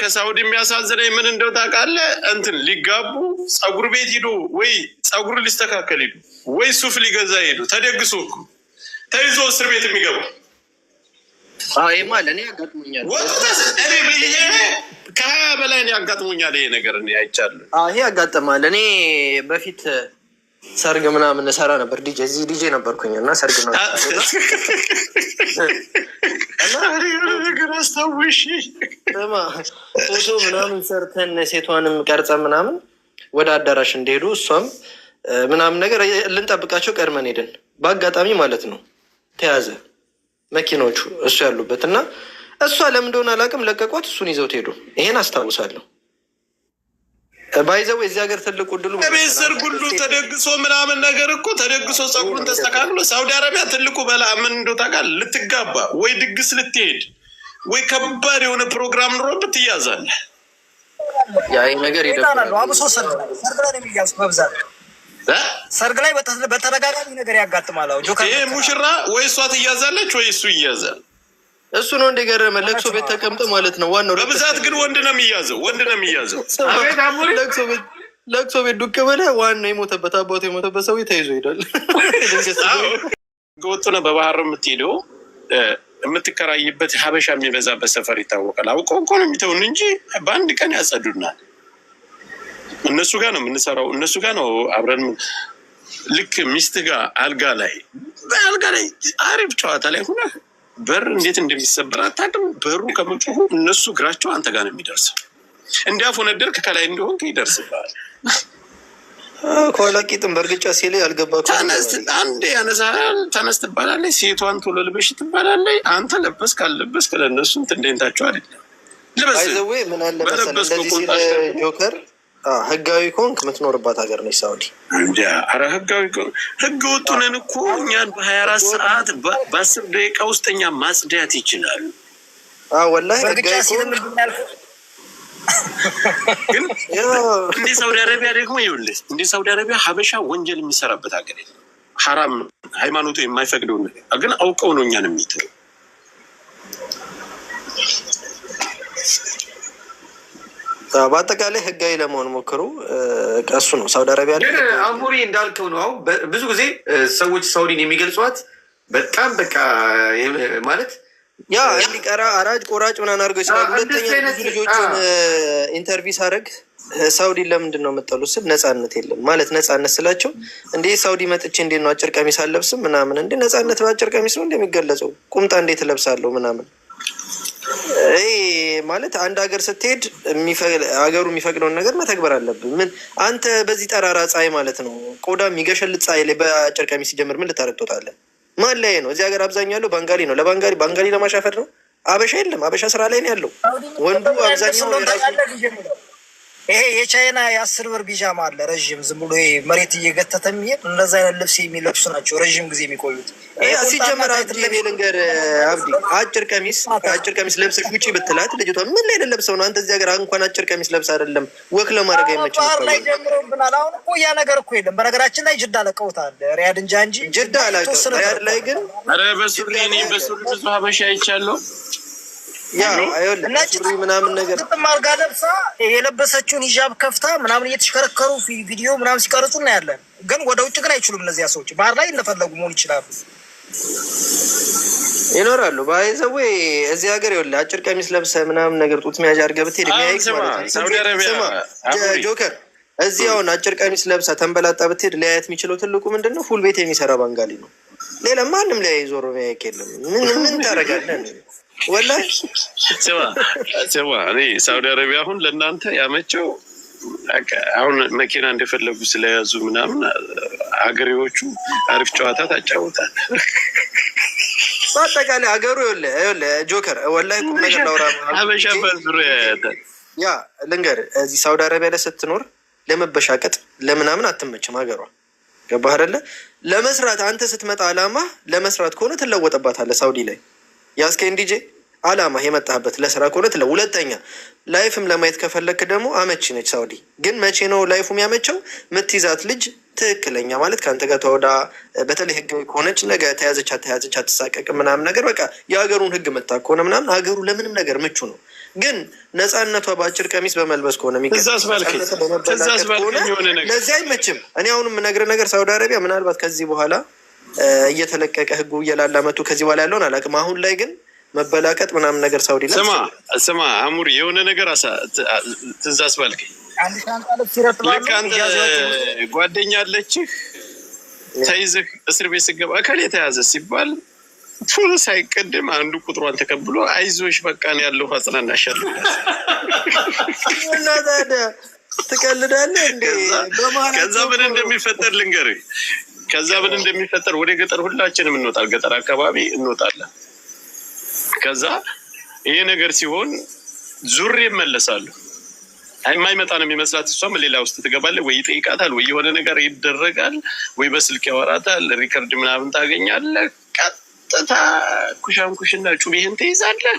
ከሳውዲ የሚያሳዝነኝ ምን እንደው ታውቃለህ? እንትን ሊጋቡ ፀጉር ቤት ሂዶ ወይ ፀጉር ሊስተካከል ሂዶ ወይ ሱፍ ሊገዛ ሄዱ ተደግሶ ተይዞ እስር ቤት የሚገባ ከሀያ በላይ እኔ ያጋጥሞኛል። ይሄ ነገር አይቻልም። ይሄ ያጋጥማል። እኔ በፊት ሰርግ ምናምን ሰራ ነበር። ዲጄ እዚህ ዲጄ ነበርኩኝ እና ሰርግ ፎቶ ምናምን ሰርተን ሴቷንም ቀርጸ ምናምን ወደ አዳራሽ እንደሄዱ እሷም ምናምን ነገር ልንጠብቃቸው ቀድመን ሄደን በአጋጣሚ ማለት ነው ተያዘ መኪናዎቹ እሱ ያሉበት እና እሷ ለምን እንደሆነ አላውቅም ለቀቋት፣ እሱን ይዘውት ሄዱ። ይሄን አስታውሳለሁ። ባይዘው የዚህ ሀገር ትልቁ ድሉ ቤት ሰርግ ሁሉ ተደግሶ ምናምን ነገር እኮ ተደግሶ ጸጉሩን ተስተካክሎ ሳውዲ አረቢያ ትልቁ በላ ምን እንዶ ታውቃለህ? ልትጋባ ወይ ድግስ ልትሄድ ወይ ከባድ የሆነ ፕሮግራም ኑሮ ብትያዛለ ነገር አብሶ ሰርግ ላይ በተደጋጋሚ ነገር ያጋጥማል። ይሄ ሙሽራ ወይ እሷ ትያዛለች ወይ እሱ ይያዛል። እሱ ነው እንደ ገረመ ለቅሶ ቤት ተቀምጠ ማለት ነው። ዋናው በብዛት ግን ወንድ ነው የሚያዘው፣ ወንድ ነው የሚያዘው። ለቅሶ ቤት ቤት ዱቅ በለ ዋናው የሞተበት አባቱ የሞተበት ሰው ተይዞ ሄዳል። ወጡ ነው በባህር የምትሄደው የምትከራይበት ሀበሻ የሚበዛበት ሰፈር ይታወቃል። አውቀው እኮ ነው የሚተውን እንጂ በአንድ ቀን ያጸዱናል። እነሱ ጋር ነው የምንሰራው፣ እነሱ ጋር ነው አብረን ልክ ሚስት ጋር አልጋ ላይ በአልጋ ላይ አሪፍ ጨዋታ ላይ ሁነህ በር እንዴት እንደሚሰበር አታውቅም። በሩ ከመጮሁ እነሱ እግራቸው አንተ ጋር ነው የሚደርሰው። እንዳፎነደርክ ከላይ እንደሆንክ ይደርስብሃል። ከኋላ ቂጥም በእርግጫ ሲል ያልገባ አንዴ ያነሳል። ተነስ ትባላለች፣ ሴቷን ቶሎ ልበሽ ትባላለች። አንተ ለበስ ካልለበስ ከለነሱ ትንደኝታቸው አይደለም ልበስ በለበስ ጆከር ህጋዊ ከሆንክ የምትኖርባት ሀገር ነች ሳውዲ። ኧረ ህጋዊ ህገ ወጡ ነን እኮ እኛን በሀያ አራት ሰዓት በአስር ደቂቃ ውስጥ እኛ ማጽዳት ይችላሉ። ወላሂ ግን እንደ ሳውዲ አረቢያ ደግሞ ይኸውልህ፣ እንደ ሳውዲ አረቢያ ሀበሻ ወንጀል የሚሰራበት ሀገር የለም። ሀራም ሃይማኖቱ የማይፈቅደው ግን አውቀው ነው እኛን የሚጥሩ በአጠቃላይ ህጋዊ ለመሆን ሞክሩ። ቀሱ ነው ሳውዲ አረቢያ ግን አሙሪ እንዳልከው ነው። አሁን ብዙ ጊዜ ሰዎች ሳውዲን የሚገልጿት በጣም በቃ ማለት ያ እንዲቀራ አራጅ ቆራጭ ምናምን አድርገው ይችላል። ሁለተኛ ብዙ ልጆችን ኢንተርቪው ሳደርግ ሳውዲ ለምንድን ነው የምጠሉት ስል ነጻነት የለም ማለት ነጻነት ስላቸው እንዴ ሳውዲ መጥቼ እንዴት ነው አጭር ቀሚስ አለብስም ምናምን እንዴ ነጻነት በአጭር ቀሚስ ነው እንደሚገለጸው ቁምጣ እንዴት እለብሳለሁ ምናምን ማለት አንድ ሀገር ስትሄድ ሀገሩ የሚፈቅደውን ነገር መተግበር አለብን። ምን አንተ በዚህ ጠራራ ፀሐይ ማለት ነው ቆዳ የሚገሸልጥ ፀሐይ ላይ በአጭር ቀሚስ ሲጀምር ምን ልታረግጦታለህ? ማን ላይ ነው? እዚህ ሀገር አብዛኛው ያለው ባንጋሊ ነው። ለባንጋሊ ባንጋሊ ለማሻፈር ነው። አበሻ የለም። አበሻ ስራ ላይ ነው ያለው ወንዱ አብዛኛው ይሄ የቻይና የአስር ብር ቢጃማ አለ ረዥም ዝም ብሎ መሬት እየገተተ የሚሄድ እንደዚ አይነት ልብስ የሚለብሱ ናቸው ረዥም ጊዜ የሚቆዩት። ሲጀመር ነገር አብዲ አጭር ቀሚስ አጭር ቀሚስ ለብሰሽ ውጪ ብትላት ልጅቷ ምን ላይ ለብሰው ነው አንተ እዚህ ሀገር እንኳን አጭር ቀሚስ ለብስ አይደለም ወክ ለማድረግ አይመችም። ባህር ላይ ጀምሮብናል። አሁን እኮ ያ ነገር እኮ የለም። በነገራችን ላይ ጅዳ ለቀውታል ሪያድ እንጃ እንጂ ጅዳ አላቸው ሪያድ ላይ ግን በሱሪ በሱሪ ብዙ ሀበሻ አይቻለሁ ምናምን ነገር ማርጋ ለብሳ የለበሰችውን ሂጃብ ከፍታ ምናምን እየተሽከረከሩ ቪዲዮ ምናምን ሲቀርጹ እናያለን። ግን ወደ ውጭ ግን አይችሉም። እነዚያ ሰዎች ባህር ላይ እንደፈለጉ መሆን ይችላሉ፣ ይኖራሉ። ባይዘዌ እዚህ ሀገር ይኸውልህ አጭር ቀሚስ ለብሰ ምናምን ነገር ጡት መያዣ አድርገህ ብትሄድ ጆከር እዚህ አሁን አጭር ቀሚስ ለብሳ ተንበላጣ ብትሄድ ሊያየት የሚችለው ትልቁ ምንድን ነው? ፉል ቤት የሚሰራ ባንጋሊ ነው። ሌላ ማንም ሊያይ ዞሮ ያየክ የለም። ምን ታደርጋለህ? ወላሂ ስማ ስማ፣ እኔ ሳውዲ አረቢያ አሁን ለእናንተ ያመቸው አሁን መኪና እንደፈለጉ ስለያዙ ምናምን አገሬዎቹ አሪፍ ጨዋታ ታጫወታል። በአጠቃላይ ሀገሩ ጆከር ወላሂ ቁም ነገር ላውራ አበሻ ያ ልንገር እዚህ ሳውዲ አረቢያ ላይ ስትኖር ለመበሻቀጥ ለምናምን አትመችም ሀገሯ ገባህ አይደለ? ለመስራት አንተ ስትመጣ አላማ ለመስራት ከሆነ ትለወጠባታለህ ሳውዲ ላይ ያስኬ እንዲጄ አላማ የመጣህበት ለስራ ከሆነ ትለ ሁለተኛ ላይፍም ለማየት ከፈለክ ደግሞ አመቺ ነች ሳውዲ። ግን መቼ ነው ላይፉ የሚያመቸው? ምትይዛት ልጅ ትክክለኛ ማለት ከአንተ ጋር ተወዳ በተለይ ህጋዊ ከሆነች ነገ ተያዘች ተያዘች አትሳቀቅ ምናምን ነገር በቃ የሀገሩን ህግ መታ ከሆነ ምናምን ሀገሩ ለምንም ነገር ምቹ ነው። ግን ነፃነቷ በአጭር ቀሚስ በመልበስ ከሆነ የሚገዛስበመበላት ከሆነ ለዚህ አይመችም። እኔ አሁንም የምነግርህ ነገር ሳውዲ አረቢያ ምናልባት ከዚህ በኋላ እየተለቀቀ ህጉ እየላላ መቱ ከዚህ በኋላ ያለውን አላውቅም። አሁን ላይ ግን መበላቀጥ ምናምን ነገር ሳውዲ ላይ ስማ ስማ አሙሪ የሆነ ነገር ትዝ ባልክ ልክ አንተ ጓደኛ አለችህ ተይዝህ እስር ቤት ስገባ እከሌ የተያዘ ሲባል ፉል ሳይቀድም አንዱ ቁጥሯን ተቀብሎ አይዞሽ በቃን ያለው አጽናናሻለሁ። እና ታዲያ ትቀልዳለህ እንዴ? ከዛ ምን እንደሚፈጠር ልንገርህ ከዛ ምን እንደሚፈጠር ወደ ገጠር ሁላችንም እንወጣል፣ ገጠር አካባቢ እንወጣለን። ከዛ ይሄ ነገር ሲሆን ዙሬ እመለሳለሁ። የማይመጣ ነው የሚመስላት። እሷም ሌላ ውስጥ ትገባለ ወይ ይጠይቃታል፣ ወይ የሆነ ነገር ይደረጋል፣ ወይ በስልክ ያወራታል፣ ሪከርድ ምናምን ታገኛለህ። ቀጥታ ኩሻንኩሽና ጩቤህን ትይዛለህ፣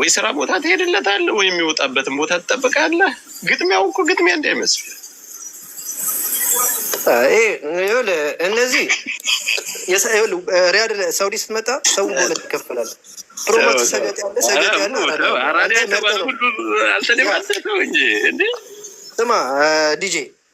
ወይ ስራ ቦታ ትሄድለታለህ፣ ወይ የሚወጣበትን ቦታ ትጠብቃለህ። ግጥሚያው እኮ ግጥሚያ እንዳይመስል እነዚህ ሪያድ ሳውዲ ስትመጣ ሰው በሁለት ይከፈላል። ፕሮሞት ሰገጥ ያለ ሰገጥ ያለ አራዳ የተባለ ሁሉ አልተደባሰ እንጂ ስማ ዲጄ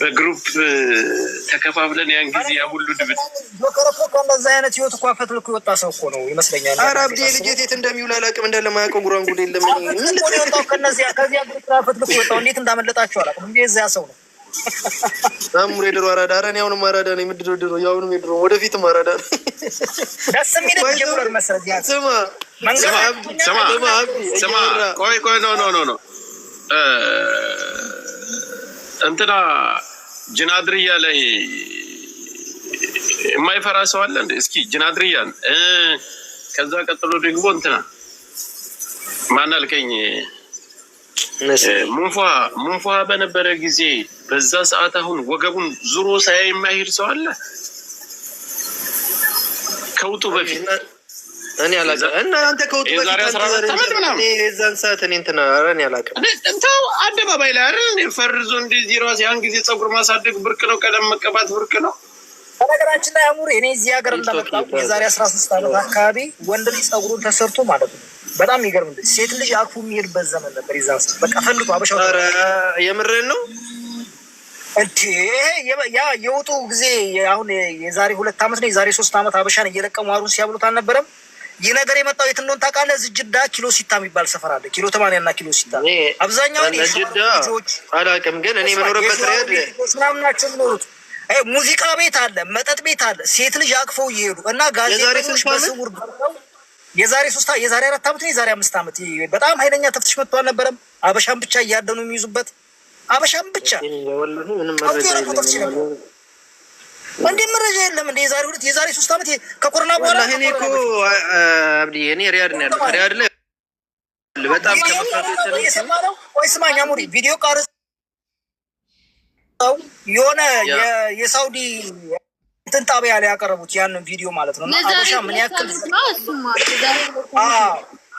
በግሩፕ ተከፋፍለን ያን ጊዜ ያ ሁሉ ድብድ ዶክተር እኮ አይነት ህይወት እኮ አፈት ልኮ የወጣ ሰው እኮ ነው ይመስለኛል። ኧረ አብዴ ልጅ የት እንደሚውል አላውቅም። እንዳለማያውቀው ጉራንጉል የለም። ምን ልኮ ከነዚያ ከዚያ ግሩፕ አፈት ልኮ የወጣው እንዴት እንዳመለጣቸው አላውቅም። እንዴ እዚያ ሰው ነው ታምሩ የድሮ አራዳ። አረን እኔ አሁንም አራዳ ነው የምድሮ ድሮ ያሁንም የድሮ ወደፊትም አራዳ ነው። ደስ የሚል ጀምሯል መሰለኝ። ስማ ስማ ስማ ስማ ቆይ ቆይ ኖ ኖ ኖ ኖ እንትና ጅናድርያ ላይ የማይፈራ ሰው አለ እንዴ? እስኪ ጅናድርያን ከዛ ቀጥሎ ደግሞ እንትና ማናልከኝ ሙንፏ ሙንፏ በነበረ ጊዜ በዛ ሰዓት አሁን ወገቡን ዙሮ ሳያ የማይሄድ ሰው አለ ከውጡ በፊት እኔ አላውቅም። እና አንተ ከወጡ የዛን ሰዓት እኔ እንትን ኧረ እኔ አላውቅም። ተው አደባባይ ላይ አይደል እንደ ፈርዞ እንደዚህ ራሴ ያን ጊዜ ፀጉር ማሳደግ ብርቅ ነው፣ ቀለም መቀባት ብርቅ ነው። በነገራችን ላይ አሙሪ እኔ እዚህ ሀገር እንደመጣሁ የዛሬ አስራ ሶስት ዓመት አካባቢ ወንድ ልጅ ፀጉሩን ተሰርቶ ማለት ነው በጣም የሚገርም ሴት ልጅ አኩ የሚሄድበት ዘመን ነበር። የዛን ሰዓት በቃ ፈልጎ አበሻ የምሬን ነው ያ የውጡ ጊዜ አሁን የዛሬ ሁለት ዓመት ነው የዛሬ ሶስት ዓመት አበሻን እየለቀሙ አሩን ሲያብሉት አልነበረም። ይህ ነገር የመጣው የት እንደሆነ ታውቃለህ? እዚህ ጅዳ ኪሎ ሲታ የሚባል ሰፈር አለ። ኪሎ ተማንያ እና ኪሎ ሲታ አብዛኛውን አላውቅም፣ ግን እኔ የምኖርበት ሪያድ ምናምን ናቸው የሚኖሩት። ሙዚቃ ቤት አለ፣ መጠጥ ቤት አለ። ሴት ልጅ አቅፈው እየሄዱ እና ጋዜጠኞች በስውር የዛሬ ሶስት የዛሬ አራት ዓመት የዛሬ አምስት ዓመት በጣም ኃይለኛ ተፍትሽ መጥቶ አልነበረም? አበሻን ብቻ እያደኑ የሚይዙበት አበሻን ብቻ ምንም እንዴ መረጃ የለም እንዴ? የዛሬ ሁለት የዛሬ ሶስት ዓመት ከኮሮና በኋላ እኔ እኮ አብዲ እኔ ሪያድ ነው ያለው። ሪያድ ላይ በጣም ከመሳሰለው ወይ ስማኝ አሙሪ ቪዲዮ ቀርጽ የሆነ የሳውዲ እንትን ጣቢያ ላይ ያቀረቡት ያንን ቪዲዮ ማለት ነው። አበሻ ምን ያክል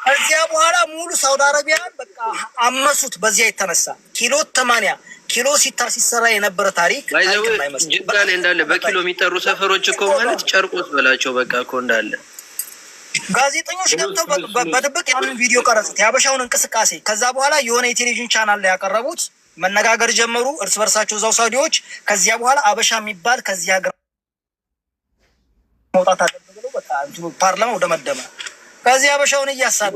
ከዚያ በኋላ ሙሉ ሳውዲ አረቢያን በቃ አመሱት። በዚያ የተነሳ ኪሎ ተማኒያ ኪሎ ሲታ ሲሰራ የነበረ ታሪክ ጅዳን እንዳለ በኪሎ የሚጠሩ ሰፈሮች እኮ ማለት ጨርቆት በላቸው በቃ እኮ እንዳለ ጋዜጠኞች ገብተው በድብቅ ያንን ቪዲዮ ቀረጹት፣ የሀበሻውን እንቅስቃሴ። ከዛ በኋላ የሆነ የቴሌቪዥን ቻናል ላይ ያቀረቡት መነጋገር ጀመሩ እርስ በርሳቸው እዛው ሳውዲዎች። ከዚያ በኋላ አበሻ የሚባል ከዚህ ሀገር መውጣት አለ ብሎ በቃ ፓርላማው ደመደመ። ከዚህ አበሻውን እያሳዱ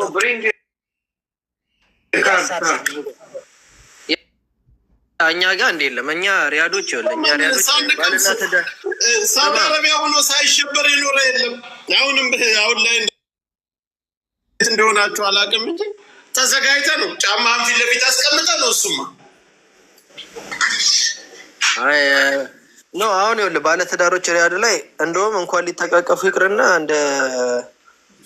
እኛ ጋር እንደ የለም። እኛ ሪያዶች ይኸውልህ፣ እኛ ሪያዶች ሳውዲ አረቢያ ሆኖ ሳይሸበር የኖረ የለም። አሁንም አሁን ላይ እንደሆናችሁ አላውቅም እንጂ ተዘጋጅተ ነው ጫማህን ፊት ለፊት አስቀምጠ ነው እሱማ ኖ አሁን ይኸውልህ፣ ባለትዳሮች ሪያድ ላይ እንደውም እንኳን ሊተቃቀፉ ይቅርና እንደ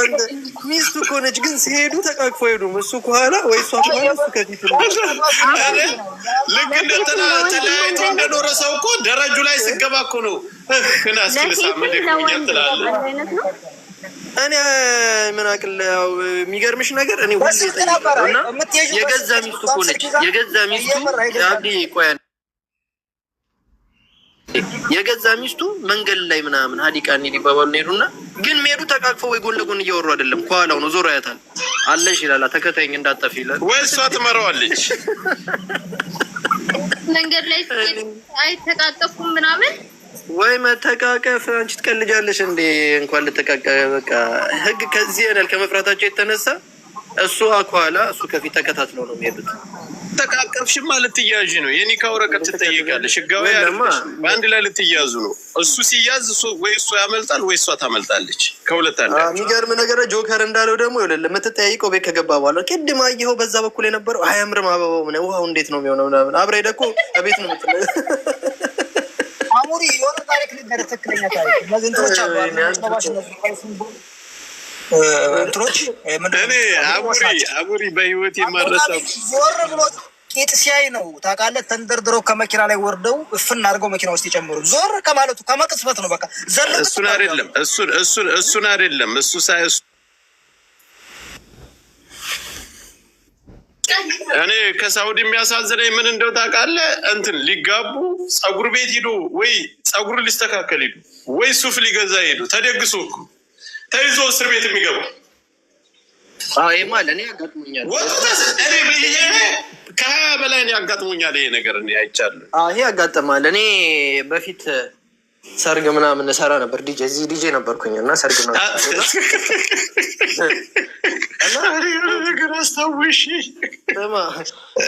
አንተ ሚስቱ እኮ ግን ሲሄዱ ተቃቅፎ ሄዱ። እሱ ከኋላ ወይ እሷ ከኋላ እሱ ከፊት ነው። ልክ እንደ እንደኖረ ሰው እኮ ደረጁ ላይ ስገባ እኮ ነው እኔ ምን አቅል ያው የሚገርምሽ ነገር እኔ ሁሌ የገዛ ሚስቱ እኮ ነች የገዛ ሚስቱ ቆያ የገዛ ሚስቱ መንገድ ላይ ምናምን ሀዲቃኒ ሊባባሉ ሄዱና ግን ሜዱ ተቃቅፎ ወይ ጎን ለጎን እያወሩ አይደለም፣ ከኋላው ነው ዞሮ ያታል አለሽ ይላላ ተከታይኝ እንዳጠፍ ይላል ወይ እሷ ትመራዋለች። መንገድ ላይ አይተቃቀፉም ምናምን ወይ መተቃቀፍ። አንቺ ትቀልጃለሽ እንዴ? እንኳን ልተቃቀፍ በቃ ህግ ከዚህ ያናል ከመፍራታቸው የተነሳ እሱ አኳላ እሱ ከፊት ተከታትለው ነው የሚሄዱት። ተቃቀፍሽ ማ ልትያዥ ነው። የኒካ ወረቀት ትጠይቃለሽ። ህጋዊ በአንድ ላይ ልትያዙ ነው። እሱ ሲያዝ ወይ እሱ ያመልጣል ወይ እሷ ታመልጣለች። ከሁለት አለ። የሚገርም ነገር ጆከር እንዳለው ደግሞ ይለ የምትጠያይቀው ቤት ከገባ በኋላ ቅድም አየኸው በዛ በኩል የነበረው አያምርም፣ አበባው ምን ውሃው እንዴት ነው የሚሆነው? ምናምን አብረህ ደኮ ቤት ነው ምትለ አሙሪ የሆነ ታሪክ ልደረ ትክክለኛ ታሪክ እንትኖች አቡሪ በህይወት የማረሳው ዞር ብሎ ቂጥ ሲያይ ነው ታውቃለህ። ተንደርድረው ከመኪና ላይ ወርደው እፍን አድርገው መኪና ውስጥ የጨመሩ ዞር ከማለቱ ከመቅጽበት ነው። በቃ እሱን አይደለም እሱን እሱን እሱን አይደለም እሱ ሳይ እኔ ከሳውዲ የሚያሳዝነኝ ምን እንደው ታውቃለህ፣ እንትን ሊጋቡ ጸጉር ቤት ሂዶ ወይ ጸጉር ሊስተካከል ሂዱ ወይ ሱፍ ሊገዛ ሄዱ ተደግሶ ተይዞ እስር ቤት የሚገባው ከሀያ በላይ ያጋጥሞኛል። ይሄ ነገር አይቻልም። ይሄ ያጋጥማል። እኔ በፊት ሰርግ ምናምን ሰራ ነበር። ዲጄ እዚህ ዲጄ ነበርኩኝ እና ሰርግ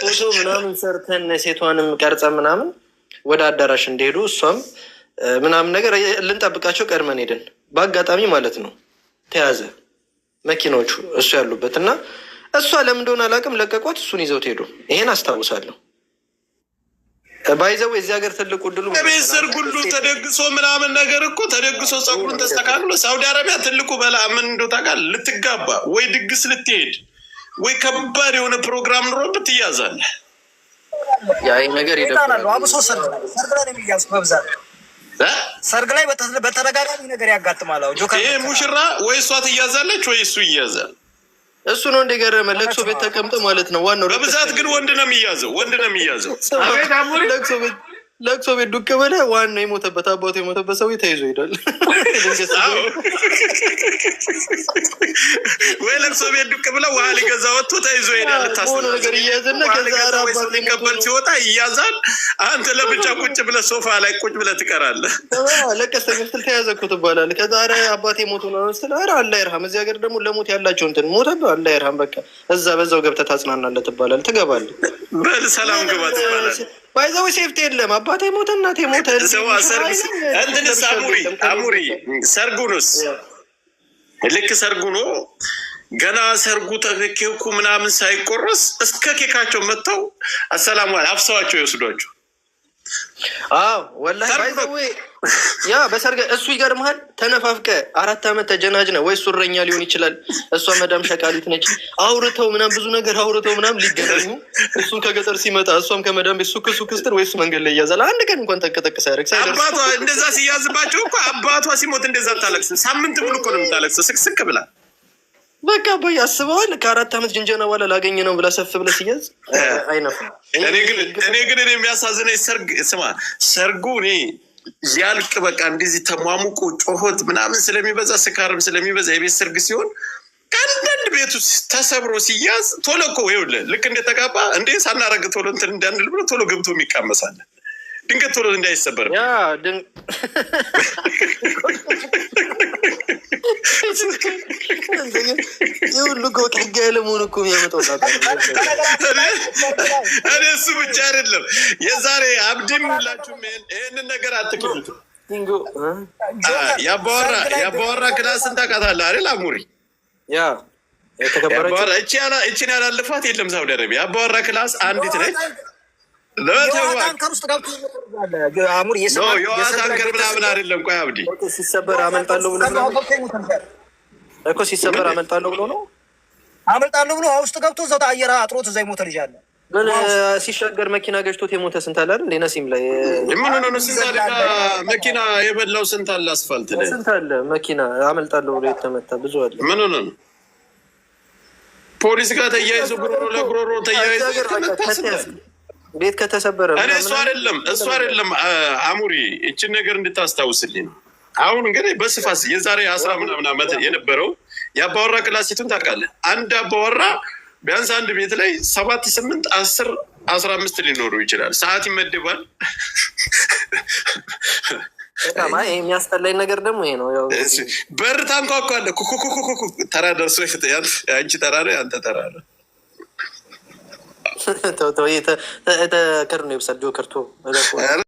ፎቶ ምናምን ሰርተን ሴቷንም ቀርጸ ምናምን ወደ አዳራሽ እንደሄዱ እሷም ምናምን ነገር ልንጠብቃቸው ቀድመን ሄደን በአጋጣሚ ማለት ነው ተያዘ መኪናዎቹ እሱ ያሉበት እና እሷ ለምን እንደሆነ አላውቅም፣ ለቀቋት። እሱን ይዘውት ሄዱ። ይሄን አስታውሳለሁ። ባይዘው የዚህ ሀገር ትልቁ ድሉ ቤት ሰርግ ሁሉ ተደግሶ ምናምን ነገር እኮ ተደግሶ ጸጉሩን ተስተካክሎ ሳውዲ አረቢያ ትልቁ በላ ምን እንዶ ታውቃለህ? ልትጋባ ወይ ድግስ ልትሄድ ወይ ከባድ የሆነ ፕሮግራም ኑሮ ብትያዛለህ። ያ ይህ ነገር ይደብራል። አብሶ ሰርግ ሰርግ ላይ የሚያዝ በብዛት ሰርግ ላይ በተደጋጋሚ ነገር ያጋጥማል። ይሄ ሙሽራ ወይ እሷ ትያዛለች ወይ እሱ ይያዛል። እሱ ነው እንደገረመ ለቅሶ ቤት ተቀምጠ ማለት ነው። ዋናው በብዛት ግን ወንድ ነው የሚያዘው፣ ወንድ ነው የሚያዘው። ቤት ለቅሶ ቤት ዱቅ በለ ዋና የሞተበት አባቱ የሞተበት ሰው ተይዞ ሄዳል። ወይ ለቅሶ ቤት ዱቅ ብለ ዋህል ገዛ ወጥቶ ተይዞ ሄዳል። ነገር ሊቀበል ሲወጣ እያዛል። አንተ ለብቻ ቁጭ ብለ ሶፋ ላይ ቁጭ ብለ ትቀራለ። ለቀስ ስትል ተያዘ እኮ ትባላለህ። ከዛ አባቴ ሞቱ ነው ስትል ኧረ አላህ ይርሃም። እዚህ ሀገር ደግሞ ለሞት ያላቸው እንትን ሞተብህ አላህ ይርሃም በቃ እዛ በዛው ገብተ ታጽናናለህ ትባላለህ፣ ትገባለህ በል ሰላም ግባ ትባላል። ባይዘው ሴፍቲ የለም። አባቴ ሞተ፣ እናቴ ሞተ። እንትንስ አሙሪ አሙሪ ሰርጉንስ ልክ ሰርጉ ነው ገና ሰርጉ ኬኩ ምናምን ሳይቆረስ እስከ ኬካቸው መጥተው አሰላሙ አፍሰዋቸው ይወስዷቸው። አዎ ወላሂ ያ በሰርገ እሱ ይገርምሃል። ተነፋፍቀ አራት ዓመት ተጀናጅ ወይ እሱ እረኛ ሊሆን ይችላል፣ እሷ መዳም ሸቃሊት ነች። አውርተው ምናም ብዙ ነገር አውርተው ምናም ሊገናኙ እሱም ከገጠር ሲመጣ እሷም ከመዳም ቤት ሱክ ሱክ ስትል ወይ እሱ መንገድ ላይ እያዛል አንድ ቀን እንኳን ተንቀጠቀሰ ያደረግ አባቷ እንደዛ ሲያዝባቸው እኮ አባቷ ሲሞት እንደዛ ታለቅስ። ሳምንት ሙሉ እኮ ነው የምታለቅስ ስቅስቅ ብላ በቃ በይ አስበዋል። ከአራት አራት ዓመት ጅንጀና በኋላ ላገኘ ነው ብላ ሰፍ ብለ ሲያዝ አይነፋም። እኔ ግን እኔ የሚያሳዝነኝ ሰርግ ስማ፣ ሰርጉ እኔ ያልቅ በቃ እንደዚህ ተሟሙቁ ጮሆት ምናምን ስለሚበዛ ስካርም ስለሚበዛ የቤት ሰርግ ሲሆን ከአንዳንድ ቤቱ ተሰብሮ ሲያዝ ቶሎ እኮ ይኸውልህ፣ ልክ እንደተጋባ እንዴ ሳናረግ ቶሎ እንትን እንዳንል ብሎ ቶሎ ገብቶ የሚቃመሳለን ድንገት ቶሎ እንዳይሰበርም የሁሉ ከወቅ ህጋ እኮ የሚያመጣው እኔ እሱ ብቻ አይደለም። የዛሬ አብዲም ይህንን ነገር ያባወራ ያባወራ ክላስን ታውቃታለህ አይደል? አሙሪ የለም ሳውዲ አረቢያ ያባወራ ክላስ አንዲት ነች። የውሃ ታንከር ውስጥ ገብቶ የውሃ ታንከር ምናምን አይደለም። ቆይ አብዲ ሲሰበር አመልጣለሁ ብሎ እኮ ሲሰበር አመልጣለሁ ብሎ ነው አመልጣለሁ ብሎ ውስጥ ገብቶ እዛው አየር አጥሮት እዛ የሞተ ልጅ አለ። ግን ሲሻገር መኪና ገጭቶት የሞተ ስንት አለ አይደል? ነሲም ላይ ምን ሆነ ነው? ስንት አለ መኪና የበላው ስንት አለ? አስፋልት ላይ ስንት አለ መኪና አመልጣለሁ ብሎ የተመታ ብዙ አለ። ምን ሆነ ነው? ፖሊስ ጋር ተያይዞ ጉሮሮ ለጉሮሮ ተያይዞ ቤት ከተሰበረ እኔ እሱ አይደለም እሱ አይደለም አሙሪ እችን ነገር እንድታስታውስልኝ አሁን እንግዲህ በስፋት የዛሬ አስራ ምናምን ዓመት የነበረው የአባወራ ክላሲቱን ታውቃለህ። አንድ አባወራ ቢያንስ አንድ ቤት ላይ ሰባት ስምንት አስር አስራ አምስት ሊኖሩ ይችላል። ሰዓት ይመድባል። የሚያስጠላኝ ነገር ደግሞ ይሄ ነው። በር ታንኳኳለህ። ተራ ደርሶ አንቺ ተራ ነው፣ አንተ ተራ ነው تو تو بس بسلجوكر 2